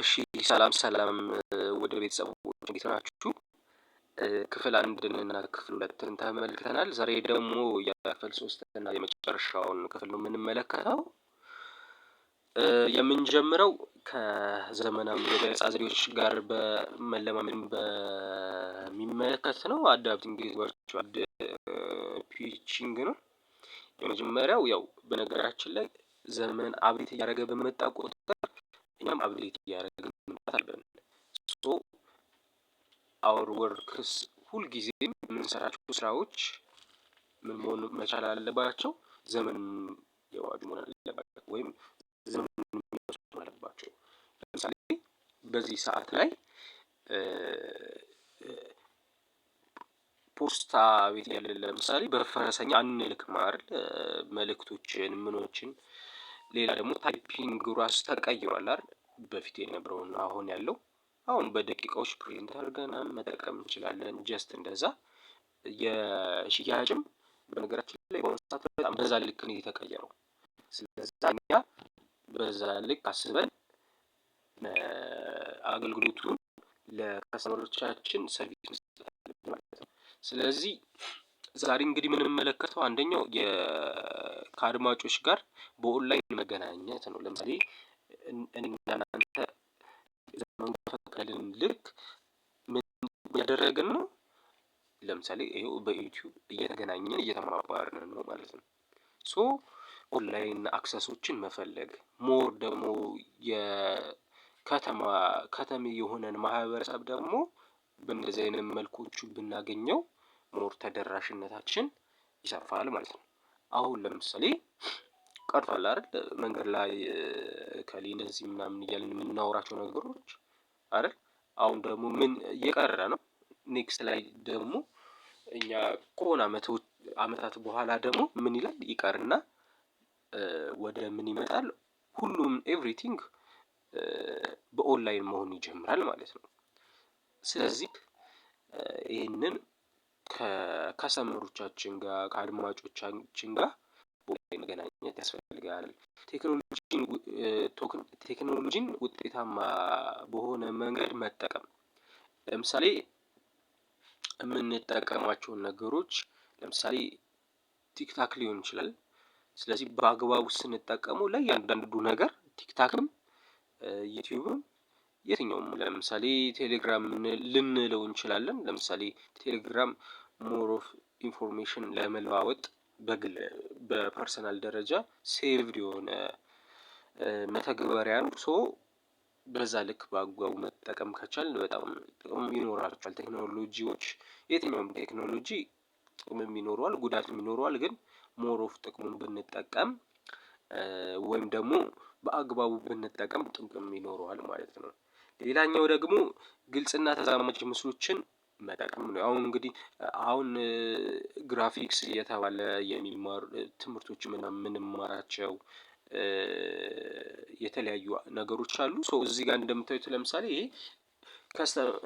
እሺ ሰላም ሰላም ወደ ቤተሰቦች እንዴት ናችሁ? ክፍል አንድን እና ክፍል ሁለትን ተመልክተናል። ዛሬ ደግሞ የክፍል ሶስት እና የመጨረሻውን ክፍል ነው የምንመለከተው። የምንጀምረው ከዘመናዊ የገለጻ ዘዴዎች ጋር በመለማመድ በሚመለከት ነው። አዳፕቲንግ ቨርቹዋል ፒችንግ ነው። የመጀመሪያው ያው በነገራችን ላይ ዘመን አብዴት እያደረገ በመጣ ቁጥር እኛም አብሌት እያደረግን መምጣት አለብን። ሶ አወር ወርክስ ሁልጊዜም የምንሰራቸው ስራዎች ምን መሆን መቻል አለባቸው? ዘመን የዋጁ መሆን አለባቸው ወይም ዘመን መሆን አለባቸው። ለምሳሌ በዚህ ሰዓት ላይ ፖስታ ቤት ያለ ለምሳሌ በፈረሰኛ አንልክ አይደል? መልእክቶችን ምኖችን ሌላ ደግሞ ታይፒንግ ራሱ ተቀይሯል አይደል? በፊት የነበረውን አሁን ያለው አሁን በደቂቃዎች ፕሪንት አድርገን መጠቀም እንችላለን። ጀስት እንደዛ የሽያጭም በነገራችን ላይ በአሁኑ ሰዓት በጣም በዛ ልክ ነው የተቀየረው። ስለዛ እኛ በዛ ልክ አስበን አገልግሎቱን ለከስተመሮቻችን ሰርቪስ መስጠት አለብን ማለት ነው። ስለዚህ ዛሬ እንግዲህ የምንመለከተው አንደኛው ከአድማጮች ጋር በኦንላይን መገናኘት ነው። ለምሳሌ እኔና እናንተ ዘመኑ በፈቀደልን ልክ ያደረግን ነው። ለምሳሌ ይኸው በዩቲዩብ እየተገናኘን እየተማማርን ነው ማለት ነው። ሶ ኦንላይን አክሰሶችን መፈለግ ሞር ደግሞ የከተማ ከተሜ የሆነን ማህበረሰብ ደግሞ በእንደዚህ አይነት መልኮቹ ብናገኘው ሞር ተደራሽነታችን ይሰፋል ማለት ነው። አሁን ለምሳሌ ቀርቷል አይደል? መንገድ ላይ እከሌ እንደዚህ ምናምን እያልን የምናወራቸው ነገሮች አይደል? አሁን ደግሞ ምን እየቀረ ነው? ኔክስት ላይ ደግሞ እኛ ከሆነ አመታት በኋላ ደግሞ ምን ይላል ይቀርና ወደ ምን ይመጣል? ሁሉም ኤቭሪቲንግ በኦንላይን መሆን ይጀምራል ማለት ነው። ስለዚህ ይህንን ከከሰመሮቻችን ጋር ከአድማጮቻችን ጋር መገናኘት ያስፈልጋል። ቴክኖሎጂን ውጤታማ በሆነ መንገድ መጠቀም ለምሳሌ የምንጠቀማቸውን ነገሮች ለምሳሌ ቲክታክ ሊሆን ይችላል። ስለዚህ በአግባቡ ስንጠቀሙ ለእያንዳንዱ ነገር ቲክታክም ዩቲዩብም የትኛውም ለምሳሌ ቴሌግራም ልንለው እንችላለን። ለምሳሌ ቴሌግራም ሞር ኦፍ ኢንፎርሜሽን ለመለዋወጥ በግል በፐርሰናል ደረጃ ሴቭድ የሆነ መተግበሪያ ነው። ሶ በዛ ልክ በአግባቡ መጠቀም ከቻል በጣም ጥቅም ይኖራቸዋል። ቴክኖሎጂዎች የትኛውም ቴክኖሎጂ ጥቅምም ይኖረዋል፣ ጉዳትም ይኖረዋል። ግን ሞር ኦፍ ጥቅሙን ብንጠቀም ወይም ደግሞ በአግባቡ ብንጠቀም ጥቅም ይኖረዋል ማለት ነው። ሌላኛው ደግሞ ግልጽና ተዛማጅ ምስሎችን መጠቀም ነው። አሁን እንግዲህ አሁን ግራፊክስ እየተባለ የሚማሩ ትምህርቶች ምናምን የምንማራቸው የተለያዩ ነገሮች አሉ። ሰው እዚህ ጋር እንደምታዩት ለምሳሌ ይሄ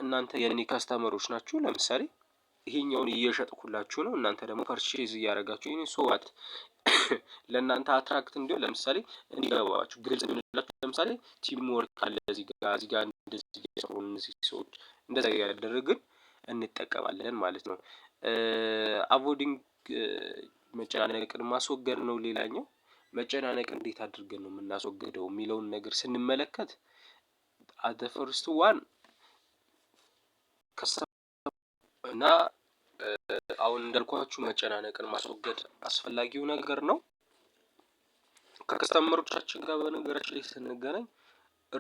እናንተ የኔ ከስተመሮች ናችሁ። ለምሳሌ ይሄኛውን እየሸጥኩላችሁ ነው፣ እናንተ ደግሞ ፐርቼዝ እያደረጋችሁ ይሄን ሶዋት ለእናንተ አትራክት እንዲሆን ለምሳሌ እንዲገባባችሁ ግልጽ ምንላችሁ። ለምሳሌ ቲም ወርክ አለ እዚህ ጋር እዚህ ጋር እንደዚህ ሰዎች እንደዛ ያደረግን እንጠቀማለን ማለት ነው። አቮይዲንግ መጨናነቅን ማስወገድ ነው። ሌላኛው መጨናነቅ እንዴት አድርገን ነው የምናስወገደው የሚለውን ነገር ስንመለከት አት ፈርስት ዋን እና አሁን እንዳልኳችሁ መጨናነቅን ማስወገድ አስፈላጊው ነገር ነው። ከከስተመሮቻችን ጋር በነገራችን ላይ ስንገናኝ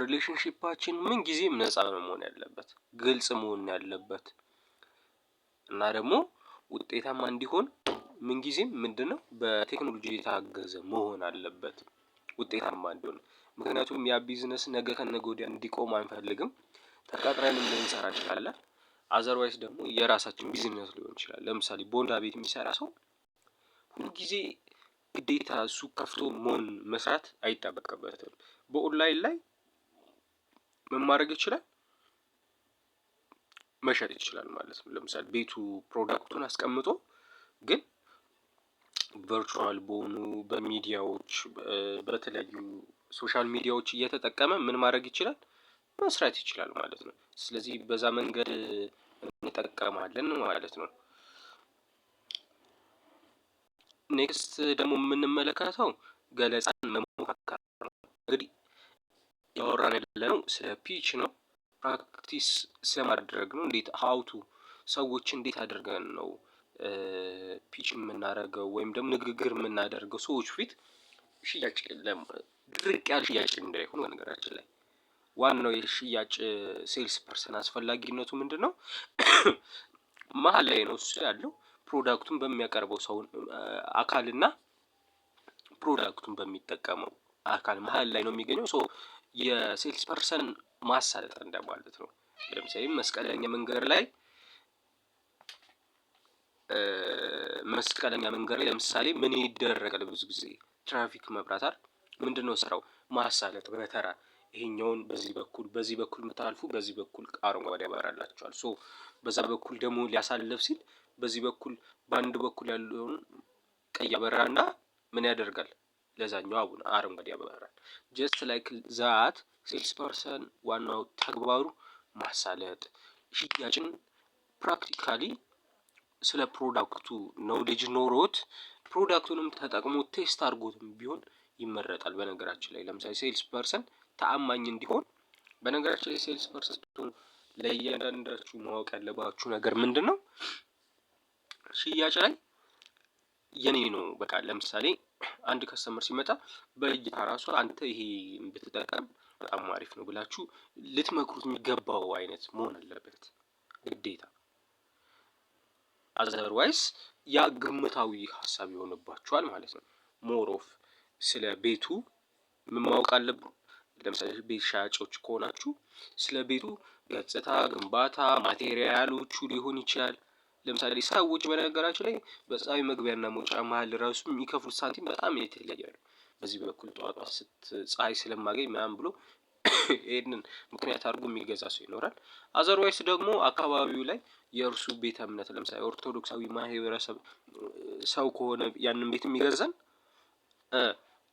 ሪሌሽንሽፓችን ምን ጊዜም ነፃ መሆን ያለበት፣ ግልጽ መሆን ያለበት እና ደግሞ ውጤታማ እንዲሆን ምንጊዜም ምንድነው በቴክኖሎጂ የታገዘ መሆን አለበት ውጤታማ እንዲሆን። ምክንያቱም ያ ቢዝነስ ነገ ከነገ ወዲያ እንዲቆም አንፈልግም። ተቀጥረንም ልንሰራ እንችላለን። አዘርዋይስ ደግሞ የራሳችን ቢዝነስ ሊሆን ይችላል። ለምሳሌ ቦንዳ ቤት የሚሰራ ሰው ሁልጊዜ ግዴታ እሱ ከፍቶ መሆን መስራት አይጠበቅበትም። በኦንላይን ላይ መማድረግ ይችላል? መሸጥ ይችላል ማለት ነው። ለምሳሌ ቤቱ ፕሮዳክቱን አስቀምጦ ግን ቨርቹዋል በሆኑ በሚዲያዎች በተለያዩ ሶሻል ሚዲያዎች እየተጠቀመ ምን ማድረግ ይችላል መስራት ይችላል ማለት ነው። ስለዚህ በዛ መንገድ እንጠቀማለን ማለት ነው። ኔክስት ደግሞ የምንመለከተው ገለጻን መሞካከር ነው። እንግዲህ ያወራን ያለነው ስለ ፒች ነው። ፕራክቲስ ስለማድረግ ነው። እንዴት ሀውቱ ሰዎች እንዴት አድርገን ነው ፒች የምናደርገው ወይም ደግሞ ንግግር የምናደርገው ሰዎች ፊት ሽያጭ ድርቅ ያለ ሽያጭ እንዳይሆን በነገራችን ላይ ዋናው የሽያጭ ሴልስ ፐርሰን አስፈላጊነቱ ምንድን ነው? መሀል ላይ ነው እሱ ያለው ፕሮዳክቱን በሚያቀርበው ሰው አካልና ፕሮዳክቱን በሚጠቀመው አካል መሀል ላይ ነው የሚገኘው ሰው የሴልስ ፐርሰን ማሳለጥ እንደማለት ነው። ለምሳሌ መስቀለኛ መንገድ ላይ መስቀለኛ መንገድ ላይ ለምሳሌ ምን ይደረጋል? ብዙ ጊዜ ትራፊክ መብራት አይደል? ምንድን ነው ስራው? ማሳለጥ በተራ ይሄኛውን በዚህ በኩል በዚህ በኩል የምታልፉ በዚህ በኩል አረንጓዴ ያበራላቸዋል። ሶ በዛ በኩል ደግሞ ሊያሳልፍ ሲል በዚህ በኩል በአንድ በኩል ያለውን ቀይ አበራና ምን ያደርጋል ለዛኛው አረንጓዴ ያበራል። ጀስት ላይክ ዛት ሴልስ ፐርሰን ዋናው ተግባሩ ማሳለጥ፣ ሽያጭን ፕራክቲካሊ ስለ ፕሮዳክቱ ኖውሌጅ ኖሮት ፕሮዳክቱንም ተጠቅሞ ቴስት አድርጎትም ቢሆን ይመረጣል። በነገራችን ላይ ለምሳሌ ሴልስ ፐርሰን ተአማኝ እንዲሆን በነገራችን ላይ ሴልስ ፐርሰን ለእያንዳንዳችሁ ማወቅ ያለባችሁ ነገር ምንድን ነው? ሽያጭ ላይ የኔ ነው በቃ ለምሳሌ አንድ ከስተመር ሲመጣ በእይታ ራሱ አንተ ይሄ ብትጠቀም በጣም አሪፍ ነው ብላችሁ ልትመክሩት የሚገባው አይነት መሆን አለበት ግዴታ። አዘርዋይስ ያ ግምታዊ ሀሳብ ይሆንባችኋል ማለት ነው። ሞሮፍ ስለ ቤቱ ምን ማወቅ አለብን? ለምሳሌ ቤት ሻጮች ከሆናችሁ ስለ ቤቱ ገጽታ፣ ግንባታ፣ ማቴሪያሎቹ ሊሆን ይችላል ለምሳሌ ሰዎች በነገራችን ላይ በፀሐይ መግቢያና መውጫ መሀል ራሱ የሚከፍሉት ሳንቲም በጣም የተለያየ ነው። በዚህ በኩል ጠዋጧ ስት ፀሐይ ስለማገኝ ምናምን ብሎ ይህንን ምክንያት አድርጎ የሚገዛ ሰው ይኖራል። አዘርዋይስ ደግሞ አካባቢው ላይ የእርሱ ቤተ እምነት ለምሳሌ ኦርቶዶክሳዊ ማህበረሰብ ሰው ከሆነ ያንን ቤት የሚገዛን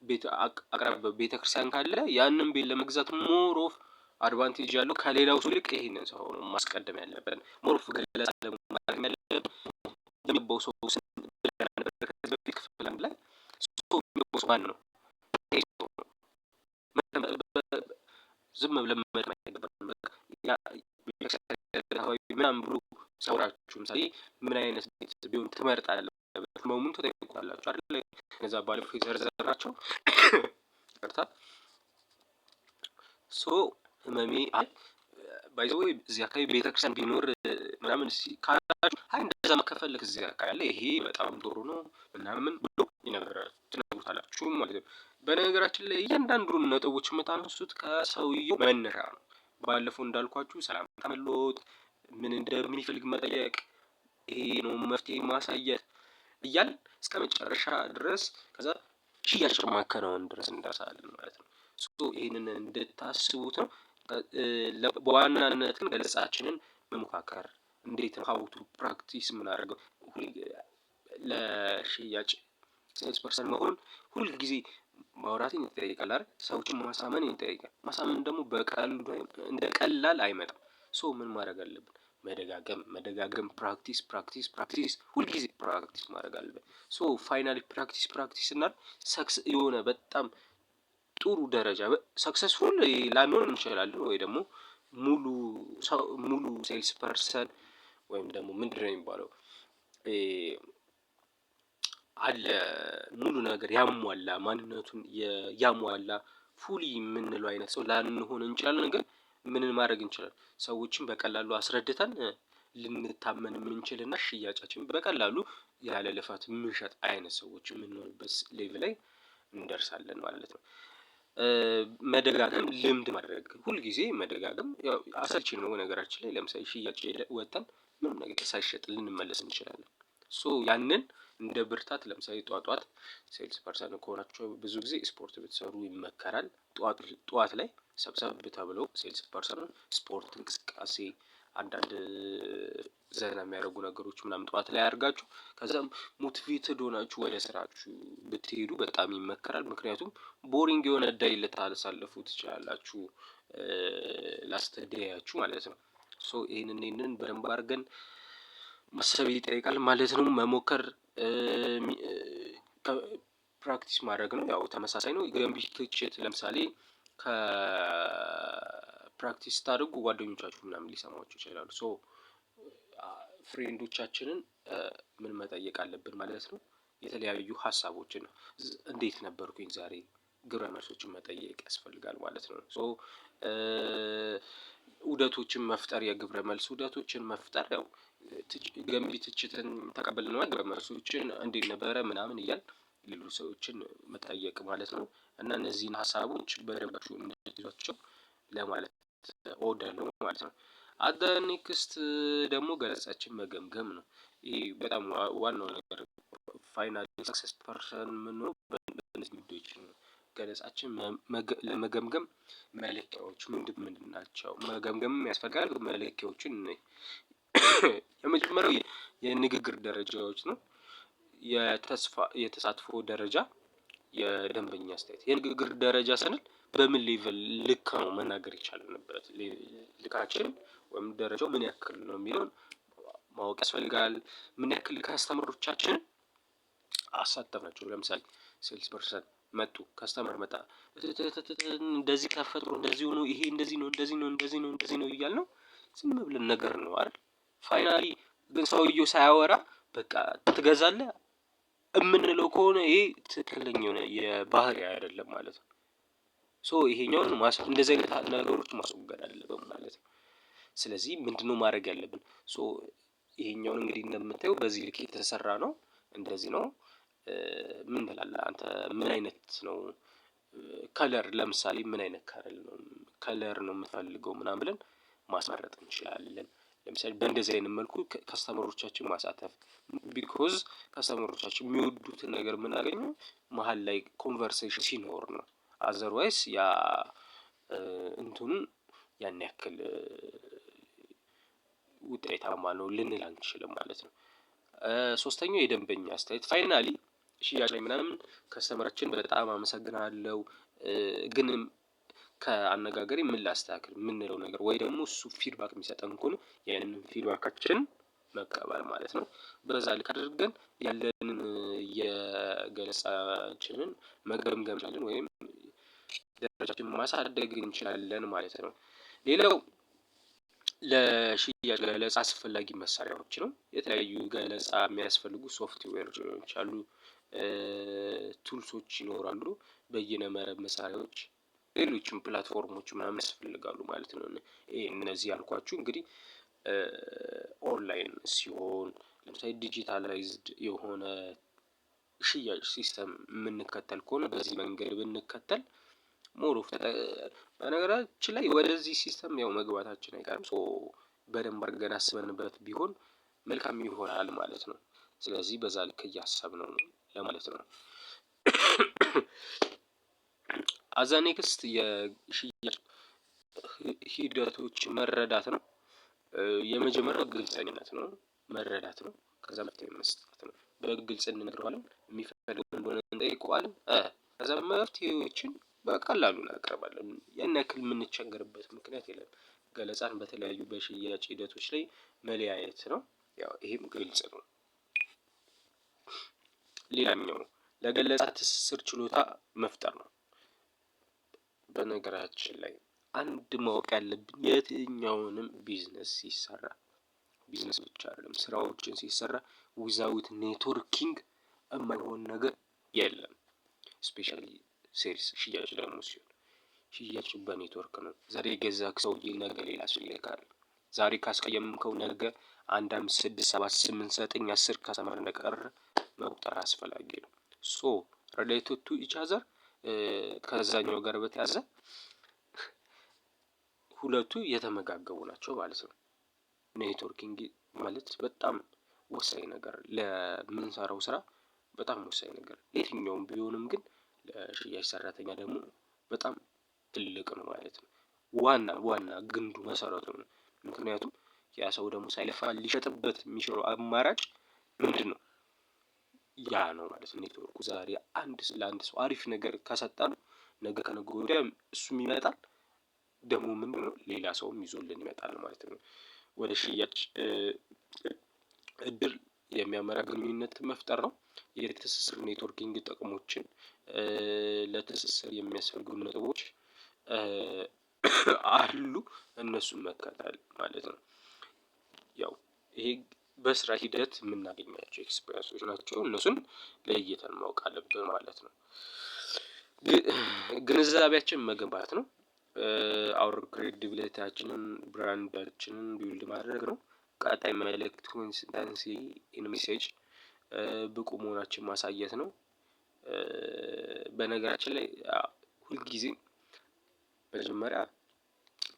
ቤት አቅራቢ ቤተክርስቲያን ካለ ያንን ቤት ለመግዛት ሞሮፍ አድቫንቴጅ ያለው ከሌላው ሰው ይልቅ ይህንን ሰው ነው ማስቀደም ያለብን። ሞርፍ ገለጻ ለማድረግ ያለብን የሚባው ሰው ላይ ሰው የሚባው ሰው ማን ነው? ዝም ብለን መድመድ አይገባንም። ምናምን ብሎ ሰውራችሁ ምሳሌ ምን አይነት ቤት ቢሆን ትመርጣለህ? መሙን ተጠይቁታላችሁ አይደለ? ከዛ ባለፈው የዘረዘራቸው ይቅርታ ሶ ህመሜ ባይዘ ወይ እዚህ አካባቢ ቤተክርስቲያን ቢኖር ምናምን ካላችሁ ሀይ እንደዛ መከፈልክ እዚህ አካባቢ ይሄ በጣም ጥሩ ነው ምናምን ብሎ ይነግራል ትነግሩታላችሁ ማለት ነው። በነገራችን ላይ እያንዳንዱን ነጥቦች የምታነሱት ከሰውየው መነሻ ነው። ባለፈው እንዳልኳችሁ ሰላምታ መለወጥ፣ ምን እንደሚፈልግ መጠየቅ፣ ይሄ ነው መፍትሄ ማሳየት እያል እስከ መጨረሻ ድረስ ከዛ ሽያጭ ማከናወን ድረስ እንደርሳለን ማለት ነው። ይህንን እንድታስቡት ነው። በዋናነት ግን ገለጻችንን መሞካከር እንዴት ነው ሀውቱ ፕራክቲስ የምናደርገው ለሽያጭ ሴልስ ፐርሰን መሆን ሁልጊዜ ማውራትን ይጠይቃል አይደል? ሰዎችን ማሳመን ይጠይቃል። ማሳመን ደግሞ በቀልዱ እንደ ቀላል አይመጣም። ሶ ምን ማድረግ አለብን? መደጋገም መደጋገም ፕራክቲስ ፕራክቲስ ፕራክቲስ ሁልጊዜ ፕራክቲስ ማድረግ አለብን። ሶ ፋይናሊ ፕራክቲስ ፕራክቲስ እና ሰክስ የሆነ በጣም ጥሩ ደረጃ ሰክሰስፉል ላንሆን እንችላለን ወይ ደግሞ ሙሉ ሙሉ ሴልስ ፐርሰን ወይም ደግሞ ምንድን ነው የሚባለው አለ ሙሉ ነገር ያሟላ ማንነቱን ያሟላ ፉሊ የምንለው አይነት ሰው ላንሆን እንችላለን። ግን ምንን ማድረግ እንችላለን? ሰዎችን በቀላሉ አስረድተን ልንታመን የምንችልና ሽያጫችን በቀላሉ ያለ ልፋት የምንሸጥ አይነት ሰዎች የምንሆንበት ሌቭ ላይ እንደርሳለን ማለት ነው። መደጋገም ልምድ ማድረግ ሁልጊዜ መደጋገም አሰልቺ ነው ነገራችን ላይ ለምሳሌ ሽያጭ ወጥተን ምንም ነገር ሳይሸጥ ልንመለስ እንችላለን። ሶ ያንን እንደ ብርታት ለምሳሌ ጧት ሴልስ ፐርሰን ከሆናቸው ብዙ ጊዜ ስፖርት ብትሰሩ ይመከራል። ጠዋት ላይ ሰብሰብ ተብሎ ሴልስ ፐርሰኑ ስፖርት እንቅስቃሴ አንዳንድ ዘና የሚያደርጉ ነገሮች ምናምን ጠዋት ላይ አድርጋችሁ ከዛም ሞቲቬትድ ሆናችሁ ወደ ስራችሁ ብትሄዱ በጣም ይመከራል። ምክንያቱም ቦሪንግ የሆነ ዳይ ልታሳልፉ ትችላላችሁ፣ ላስተዳያችሁ ማለት ነው። ሶ ይህንን ይህንን በደንብ አድርገን ማሰብ ይጠይቃል ማለት ነው። መሞከር ፕራክቲስ ማድረግ ነው። ያው ተመሳሳይ ነው። ገንቢ ትችት ለምሳሌ ከ ፕራክቲስ ስታደርጉ ጓደኞቻችሁ ምናምን ሊሰማችሁ ይችላሉ። ሶ ፍሬንዶቻችንን ምን መጠየቅ አለብን ማለት ነው? የተለያዩ ሀሳቦችን እንዴት ነበርኩኝ ዛሬ ግብረ መልሶችን መጠየቅ ያስፈልጋል ማለት ነው። ሶ ውደቶችን መፍጠር የግብረ መልስ ውደቶችን መፍጠር ያው ገንቢ ትችትን ተቀበልነዋል። ግብረ መልሶችን እንዴት ነበረ ምናምን እያል ሌሎች ሰዎችን መጠየቅ ማለት ነው እና እነዚህን ሀሳቦች በደንባችሁ እንድትይዟቸው ለማለት ኦደር ነው ማለት ነው። አደ ኔክስት ደግሞ ገለጻችን መገምገም ነው። ይህ በጣም ዋናው ነገር ፋይናል ሰክሰስ ፐርሰን የምንሆነው በእነዚህ ጉዳዮች ነው። ገለጻችን ለመገምገም መለኪያዎቹ ምንድን ምንድን ናቸው? መገምገም ያስፈልጋል መለኪያዎቹን እንይ። የመጀመሪያው የንግግር ደረጃዎች ነው። የተስፋ የተሳትፎ ደረጃ የደንበኛ አስተያየት የንግግር ደረጃ ስንል በምን ሌቨል ልክ ነው መናገር ይቻል ልካችን ወይም ደረጃው ምን ያክል ነው የሚለውን ማወቅ ያስፈልጋል። ምን ያክል ካስተመሮቻችን አሳተፍናቸው? ለምሳሌ ሴልስ ፐርሰን መጡ፣ ከስተመር መጣ፣ እንደዚህ ተፈጥሮ፣ እንደዚህ ሆኖ፣ ይሄ እንደዚህ ነው፣ እንደዚህ ነው፣ እንደዚህ ነው፣ እንደዚህ ነው እያል ነው ዝም ብለን ነገር ነው አይደል? ፋይናሊ ግን ሰውየው ሳያወራ በቃ ትገዛለህ የምንለው ከሆነ ይሄ ትክክለኛ የሆነ የባህሪ አይደለም ማለት ነው። ሶ ይሄኛውን እንደዚህ አይነት ነገሮች ማስወገድ አለብን ማለት ነው። ስለዚህ ምንድነው ማድረግ ያለብን? ሶ ይሄኛውን እንግዲህ እንደምታየው በዚህ ልክ የተሰራ ነው። እንደዚህ ነው። ምን ትላለህ አንተ? ምን አይነት ነው ከለር? ለምሳሌ ምን አይነት ከለር ነው ከለር ነው የምትፈልገው ምናምን ብለን ማስመረጥ እንችላለን። ለምሳሌ በእንደዚህ አይነት መልኩ ከስተመሮቻችን ማሳተፍ ቢኮዝ ከስተመሮቻችን የሚወዱትን ነገር የምናገኘው መሃል ላይ ኮንቨርሴሽን ሲኖር ነው አዘርዋይስ ያ እንትኑ ያን ያክል ውጤታማ ነው ልንል አንችልም ማለት ነው። ሶስተኛው የደንበኛ አስተያየት ፋይናሊ ሽያጭ ላይ ምናምን ከስተመራችን በጣም አመሰግናለው፣ ግን ከአነጋገሪ ምን ላስተካክል የምንለው ነገር ወይ ደግሞ እሱ ፊድባክ የሚሰጠን ከሆነ ያንን ፊድባካችን መቀበል ማለት ነው። በዛ ልክ አድርገን ያለንን የገለጻችንን መገምገም ቻለን ወይም ደረጃችን ማሳደግ እንችላለን ማለት ነው። ሌላው ለሽያጭ ገለጻ አስፈላጊ መሳሪያዎች ነው። የተለያዩ ገለጻ የሚያስፈልጉ ሶፍትዌሮች አሉ፣ ቱልሶች ይኖራሉ፣ በይነ መረብ መሳሪያዎች፣ ሌሎችም ፕላትፎርሞች ምናምን ያስፈልጋሉ ማለት ነው። ይሄ እነዚህ ያልኳችሁ እንግዲህ ኦንላይን ሲሆን ለምሳሌ ዲጂታላይዝድ የሆነ ሽያጭ ሲስተም የምንከተል ከሆነ በዚህ መንገድ ብንከተል ሞሮፍ በነገራችን ላይ ወደዚህ ሲስተም ያው መግባታችን አይቀርም። ሶ በደንብ አድርገን አስበንበት ቢሆን መልካም ይሆናል ማለት ነው። ስለዚህ በዛ ልክ እያሰብ ነው ለማለት ነው። አዛኔክስት የሽያጭ ሂደቶች መረዳት ነው። የመጀመሪያው ግልጸኝነት ነው፣ መረዳት ነው። ከዛ መፍትሄ መስጠት ነው። በግልጽ እንነግረዋለን፣ የሚፈልገው እንደሆነ እንጠይቀዋለን። ከዛ መፍትሄዎችን በቀላሉ እናቀርባለን። ያን ያክል የምንቸገርበት ምክንያት የለም። ገለጻን በተለያዩ በሽያጭ ሂደቶች ላይ መለያየት ነው። ያው ይሄም ግልጽ ነው። ሌላኛው ለገለጻ ትስስር ችሎታ መፍጠር ነው። በነገራችን ላይ አንድ ማወቅ ያለብን የትኛውንም ቢዝነስ ሲሰራ ቢዝነስ ብቻ አይደለም፣ ስራዎችን ሲሰራ ዊዛዊት ኔትወርኪንግ የማይሆን ነገር የለም ስፔሻሊ ሴልስ ሽያጭ ደግሞ ሲሆን ሽያጭ በኔትወርክ ነው። ዛሬ የገዛ ሰውዬ ነገ ሌላ ሰው ይልካል። ዛሬ ካስቀየምከው ነገ አንድ አምስት ስድስት ሰባት ስምንት ዘጠኝ አስር ከሰማር ነቀር መቁጠር አስፈላጊ ነው። ሶ ሪሌትድ ቱ ኢች ከዛኛው ጋር በተያዘ ሁለቱ የተመጋገቡ ናቸው ማለት ነው። ኔትወርኪንግ ማለት በጣም ወሳኝ ነገር ለምንሰራው ስራ በጣም ወሳኝ ነገር የትኛውም ቢሆንም ግን ለሽያጭ ሰራተኛ ደግሞ በጣም ትልቅ ነው ማለት ነው። ዋና ዋና ግንዱ መሰረቱ ነው። ምክንያቱም ያ ሰው ደግሞ ሳይለፋ ሊሸጥበት የሚችለው አማራጭ ምንድን ነው? ያ ነው ማለት ነው። ኔትወርኩ ዛሬ አንድ ለአንድ ሰው አሪፍ ነገር ከሰጠን ነው ነገ ከነገ ወዲያ እሱም ይመጣል ደግሞ ምንድን ነው ሌላ ሰውም ይዞልን ይመጣል ማለት ነው። ወደ ሽያጭ እድል የሚያመራ ግንኙነት መፍጠር ነው። የትስስር ኔትወርኪንግ ጥቅሞችን ለትስስር የሚያስፈልጉ ነጥቦች አሉ። እነሱን መከታል ማለት ነው። ያው ይሄ በስራ ሂደት የምናገኛቸው ኤክስፔሪንሶች ናቸው። እነሱን ለይተን ማወቅ አለብን ማለት ነው። ግንዛቤያችን መገንባት ነው። አውር ክሬዲቢሊቲያችንን ብራንዳችንን ቢውልድ ማድረግ ነው። ቀጣይ መልእክት ኮንሲስተንሲ ኢን ሜሴጅ ብቁ መሆናችን ማሳየት ነው። በነገራችን ላይ ሁልጊዜ መጀመሪያ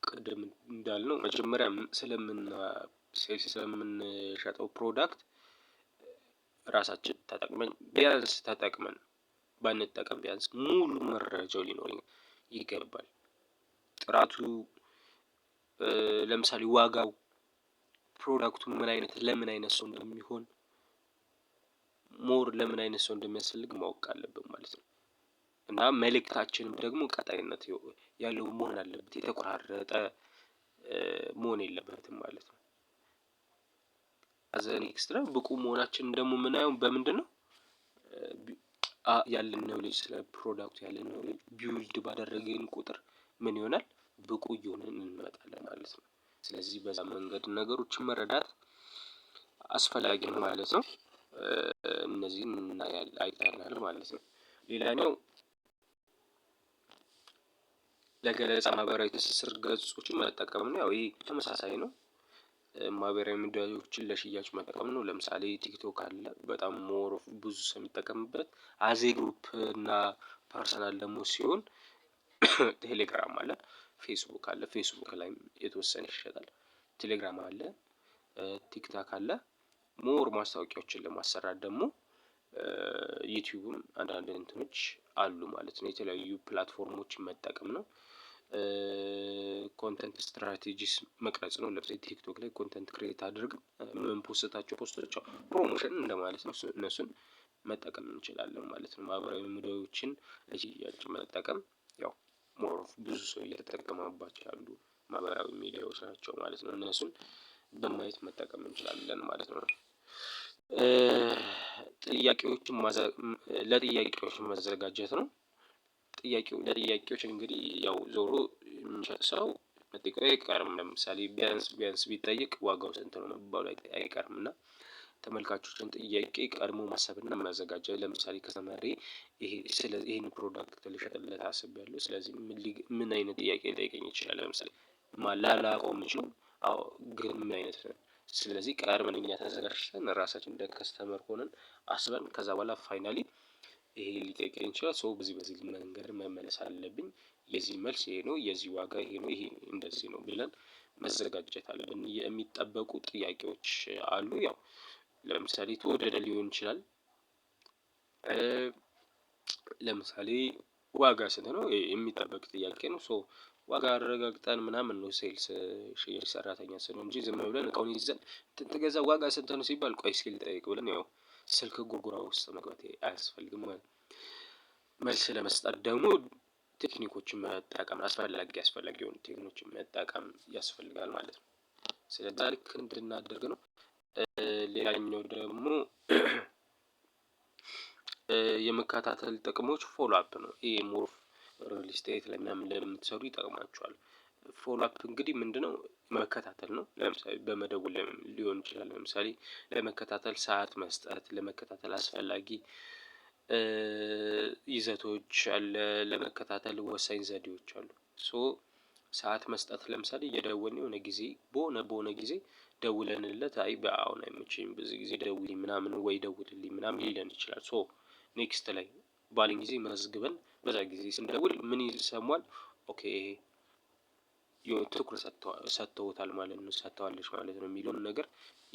ቅድም እንዳልነው መጀመሪያ ስለምንሸጠው ፕሮዳክት ራሳችን ተጠቅመን ቢያንስ ተጠቅመን ባንጠቀም ቢያንስ ሙሉ መረጃው ሊኖር ይገባል። ጥራቱ፣ ለምሳሌ ዋጋው፣ ፕሮዳክቱ ምን አይነት ለምን አይነት ሰው እንደሚሆን አሁን ለምን አይነት ሰው እንደሚያስፈልግ ማወቅ አለብን ማለት ነው። እና መልእክታችንም ደግሞ ቀጣይነት ያለው መሆን አለበት፣ የተቆራረጠ መሆን የለበትም ማለት ነው። አዘን ኤክስትራ ብቁ መሆናችንን ደግሞ የምናየው በምንድን ነው? ያለን ኖሌጅ ስለ ፕሮዳክቱ ያለን ኖሌጅ ቢውልድ ባደረገን ቁጥር ምን ይሆናል? ብቁ እየሆንን እንመጣለን ማለት ነው። ስለዚህ በዛ መንገድ ነገሮችን መረዳት አስፈላጊ ነው ማለት ነው። እነዚህን አይተናል ማለት ነው። ሌላኛው ለገለጻ ማህበራዊ ትስስር ገጾችን መጠቀም ነው። ያው ይህ ተመሳሳይ ነው። ማህበራዊ ሚዲያዎችን ለሽያጭ መጠቀም ነው። ለምሳሌ ቲክቶክ አለ፣ በጣም ሞር ብዙ ሰው የሚጠቀምበት አዜ ግሩፕ እና ፐርሰናል ደግሞ ሲሆን ቴሌግራም አለ፣ ፌስቡክ አለ። ፌስቡክ ላይ የተወሰነ ይሸጣል። ቴሌግራም አለ፣ ቲክታክ አለ። ሞር ማስታወቂያዎችን ለማሰራት ደግሞ ዩቲዩብም አንዳንድ እንትኖች አሉ ማለት ነው። የተለያዩ ፕላትፎርሞችን መጠቀም ነው። ኮንተንት ስትራቴጂስ መቅረጽ ነው። ለምሳሌ ቲክቶክ ላይ ኮንተንት ክሬት አድርገን የምንፖስታቸው ፖስቶች ፕሮሞሽን እንደማለት ነው። እነሱን መጠቀም እንችላለን ማለት ነው። ማህበራዊ ሚዲያዎችን ለሽያጭ መጠቀም ያው ሞር ብዙ ሰው እየተጠቀመባቸው ያሉ ማህበራዊ ሚዲያዎች ናቸው ማለት ነው። እነሱን በማየት መጠቀም እንችላለን ማለት ነው። ጥያቄዎችን ለጥያቄዎች መዘጋጀት ነው። ጥያቄው ለጥያቄዎች እንግዲህ ያው ዞሮ የሚሸጥ ሰው መጠየቁ አይቀርም። ለምሳሌ ቢያንስ ቢያንስ ቢጠይቅ ዋጋው ስንት ነው መባሉ አይቀርም እና ተመልካቾችን ጥያቄ ቀድሞ ማሰብና መዘጋጀት። ለምሳሌ ከስተመሬ ይህን ፕሮዳክት ልሸጥለት አስቤያለሁ፣ ስለዚህ ምን አይነት ጥያቄ ሊጠይቀኝ ይችላል? ለምሳሌ ላላውቀው የምችለው አዎ ምን አይነት ነን። ስለዚህ ቀርበን እኛ ተዘጋጅተን ራሳችን እንደ ከስተመር ሆነን አስበን ከዛ በኋላ ፋይናሊ ይሄ ሊጠይቀኝ ይችላል ሰው በዚህ በዚህ መንገድ መመለስ አለብኝ የዚህ መልስ ይሄ ነው የዚህ ዋጋ ይሄ ነው ይሄ እንደዚህ ነው ብለን መዘጋጀት አለብን። የሚጠበቁ ጥያቄዎች አሉ ያው ለምሳሌ ተወደደ ሊሆን ይችላል። ለምሳሌ ዋጋ ስንት ነው የሚጠበቅ ጥያቄ ነው ሶ ዋጋ አረጋግጠን ምናምን ነው ሴልስ ሽያጭ ሰራተኛ ስንሆን እንጂ ዝም ብለን እቃውን ይዘን እንትን ዋጋ ስንት ነው ሲባል ቆይ እስኪ ልጠይቅ ብለን ያው ስልክ ጉርጉራ ውስጥ መግባት አያስፈልግም ማለት መልስ ለመስጠት ደግሞ ቴክኒኮችን መጠቀም አስፈላጊ አስፈላጊ የሆኑ ቴክኒኮችን መጠቀም ያስፈልጋል ማለት ነው። ስለዛ ልክ እንድናደርግ ነው። ሌላኛው ደግሞ የመከታተል ጥቅሞች ፎሎ አፕ ነው። ይሄ ሞር ሪል ስቴት ለምናምን ለምትሰሩ ይጠቅማቸዋል። ፎሎ አፕ እንግዲህ ምንድነው መከታተል ነው። ለምሳሌ በመደወል ሊሆን ይችላል። ለምሳሌ ለመከታተል ሰዓት መስጠት፣ ለመከታተል አስፈላጊ ይዘቶች አለ፣ ለመከታተል ወሳኝ ዘዴዎች አሉ። ሶ ሰዓት መስጠት ለምሳሌ እየደወልን የሆነ ጊዜ በሆነ በሆነ ጊዜ ደውለንለት አይ በአሁን አይመችም ብዙ ጊዜ ደውልኝ ምናምን ወይ ደውልልኝ ምናምን ሊለን ይችላል። ሶ ኔክስት ላይ ባለን ጊዜ መዝግበን በዛ ጊዜ ስንደውል ምን ይሰማል? ኦኬ ይሄ ትኩረት ሰጥተውታል ማለት ነው፣ ሰጥተዋለች ማለት ነው የሚለውን ነገር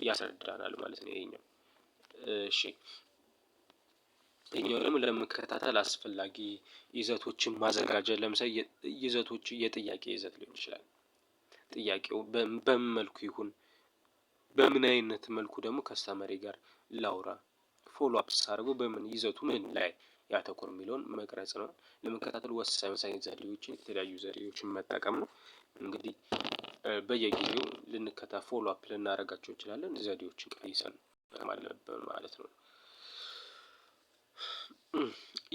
ያስረዳናል ማለት ነው ይሄኛው። እሺ ይሄኛው ደግሞ ለመከታተል አስፈላጊ ይዘቶችን ማዘጋጀት። ለምሳሌ ይዘቶች የጥያቄ ይዘት ሊሆን ይችላል። ጥያቄው በምን መልኩ ይሁን፣ በምን አይነት መልኩ ደግሞ ከስተመሪ ጋር ላውራ፣ ፎሎ አፕ በምን ይዘቱ ምን ላይ ያተኩር የሚለውን መቅረጽ ነው። ለመከታተል ወሳኝ ወሳኝ ዘዴዎችን የተለያዩ ዘዴዎችን መጠቀም ነው። እንግዲህ በየጊዜው ልንከታ ፎሎ አፕ ልናደርጋቸው እንችላለን። ዘዴዎችን ቀይሰን አለብን ማለት ነው።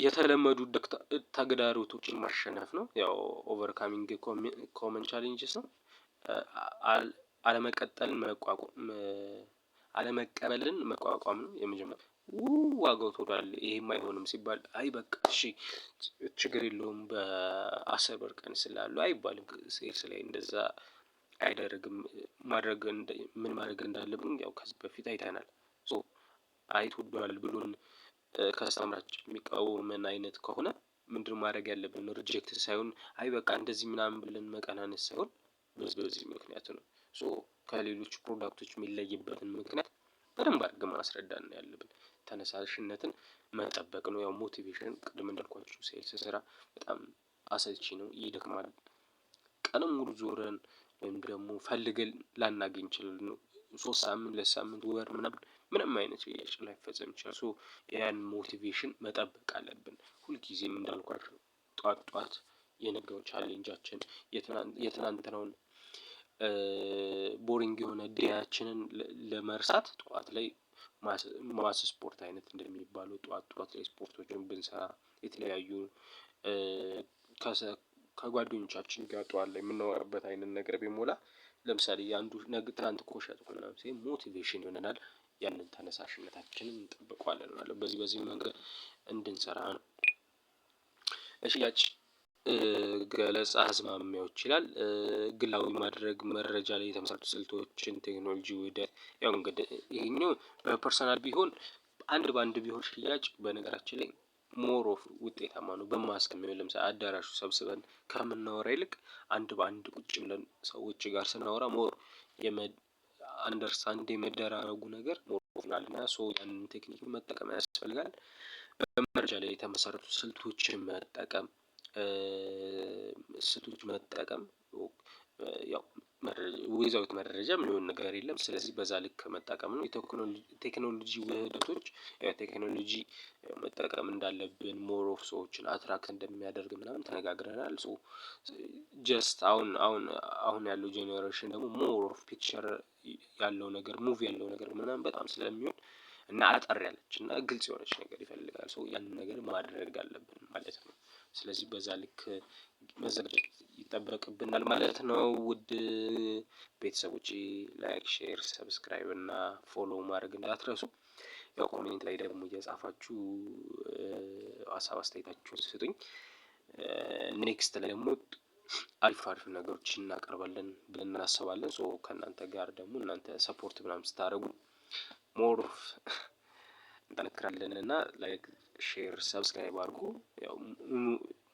የተለመዱ ተግዳሮቶችን ማሸነፍ ነው። ያው ኦቨርካሚንግ ኮመን ቻሌንጅስ ነው። አለመቀጠልን መቋቋም አለመቀበልን መቋቋም ነው የመጀመሪያ ዋጋው ተወዷል፣ ይሄም አይሆንም ሲባል አይ በቃ እሺ ችግር የለውም በአስር ብር ቀን ስላሉ አይባልም። ሴልስ ላይ እንደዛ አይደረግም። ማድረግ ምን ማድረግ እንዳለብን ያው ከዚህ በፊት አይተናል። ሶ አይ ተወዷል ብሎን ከስተምራችን የሚቃወመን አይነት ከሆነ ምንድን ማድረግ ያለብን ሪጀክት ሳይሆን አይ በቃ እንደዚህ ምናምን ብለን መቀናነስ ሳይሆን በዚህ በዚህ ምክንያት ነው ከሌሎች ፕሮዳክቶች የሚለይበትን ምክንያት በደንብ አድርገን ማስረዳት ነው ያለብን። ተነሳሽነትን መጠበቅ ነው። ያው ሞቲቬሽን ቅድም እንዳልኳችሁ ሴልስ ስራ በጣም አሰልቺ ነው፣ ይደክማል። ቀንም ሙሉ ዞረን ወይም ደግሞ ፈልገን ላናገኝ ነው ሶስት ሳምንት ለሳምንት ወር ምናምን ምንም አይነት ሽያጭ ላይፈጸም ይችላል። ሶ ያን ሞቲቬሽን መጠበቅ አለብን። ሁልጊዜም እንዳልኳቸው ጧት ጧት የነገው ቻሌንጃችን የትናንትናውን ቦሪንግ የሆነ ዲያችንን ለመርሳት ጠዋት ላይ ማስ ስፖርት አይነት እንደሚባሉ ጠዋት ጠዋት ላይ ስፖርቶችን ብንሰራ የተለያዩ ከጓደኞቻችን ጋር ጠዋት ላይ የምናወራበት አይነት ነገር ቢሞላ ለምሳሌ የአንዱ ትናንት እኮ ሸጥኩ ሲ ሞቲቬሽን ይሆነናል። ያንን ተነሳሽነታችንን እንጠብቀዋለን ማለት በዚህ በዚህ መንገድ እንድንሰራ ነው። እሺ ያጭ ገለጽ አዝማሚያዎች ይላል። ግላዊ ማድረግ መረጃ ላይ የተመሰረቱ ስልቶችን ቴክኖሎጂ ወደ ያው እንግዲህ ይሄኛው በፐርሰናል ቢሆን አንድ በአንድ ቢሆን ሽያጭ በነገራችን ላይ ሞር ኦፍ ውጤታማ ነው። በማስክ የሚሆን ለምሳሌ አዳራሹ ሰብስበን ከምናወራ ይልቅ አንድ በአንድ ቁጭ ብለን ሰዎች ጋር ስናወራ ሞር አንደርስታንድ የመደራረጉ ነገር ሞር ሆናል እና ሶ ያንን ቴክኒክን መጠቀም ያስፈልጋል። በመረጃ ላይ የተመሰረቱ ስልቶችን መጠቀም ስልቶች መጠቀም ያው ዊዛውት መረጃ የሚሆን ነገር የለም። ስለዚህ በዛ ልክ መጠቀም ነው። ቴክኖሎጂ ውህደቶች ቴክኖሎጂ መጠቀም እንዳለብን ሞር ኦፍ ሰዎችን አትራክት እንደሚያደርግ ምናምን ተነጋግረናል። ሶ ጀስት አሁን አሁን አሁን ያለው ጄኔሬሽን ደግሞ ሞር ፒክቸር ያለው ነገር ሙቪ ያለው ነገር ምናምን በጣም ስለሚሆን እና አጠር ያለች እና ግልጽ የሆነች ነገር ይፈልጋል። ሶ ያንን ነገር ማድረግ አለብን ማለት ነው። ስለዚህ በዛ ልክ መዘጋጀት ይጠበቅብናል ማለት ነው። ውድ ቤተሰቦች ላይክ፣ ሼር፣ ሰብስክራይብ እና ፎሎ ማድረግ እንዳትረሱ። ያው ኮሜንት ላይ ደግሞ እየጻፋችሁ ሀሳብ አስተያየታችሁን ስጡኝ። ኔክስት ላይ ደግሞ አሪፍ አሪፍ ነገሮች እናቀርባለን ብለን እናስባለን። ሶ ከእናንተ ጋር ደግሞ እናንተ ሰፖርት ምናምን ስታደርጉ ሞር እንጠነክራለን እና ላይክ ሼር፣ ሰብስክራይብ አድርጉ። ያው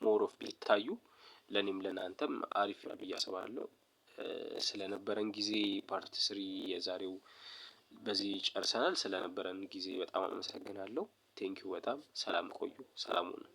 ሞር ኦፍ ቢታዩ ለእኔም ለእናንተም አሪፍ ነው ብዬ አስባለሁ። ስለነበረን ጊዜ ፓርት ስሪ የዛሬው በዚህ ጨርሰናል። ስለነበረን ጊዜ በጣም አመሰግናለሁ። ቴንኪዩ በጣም ሰላም ቆዩ። ነው።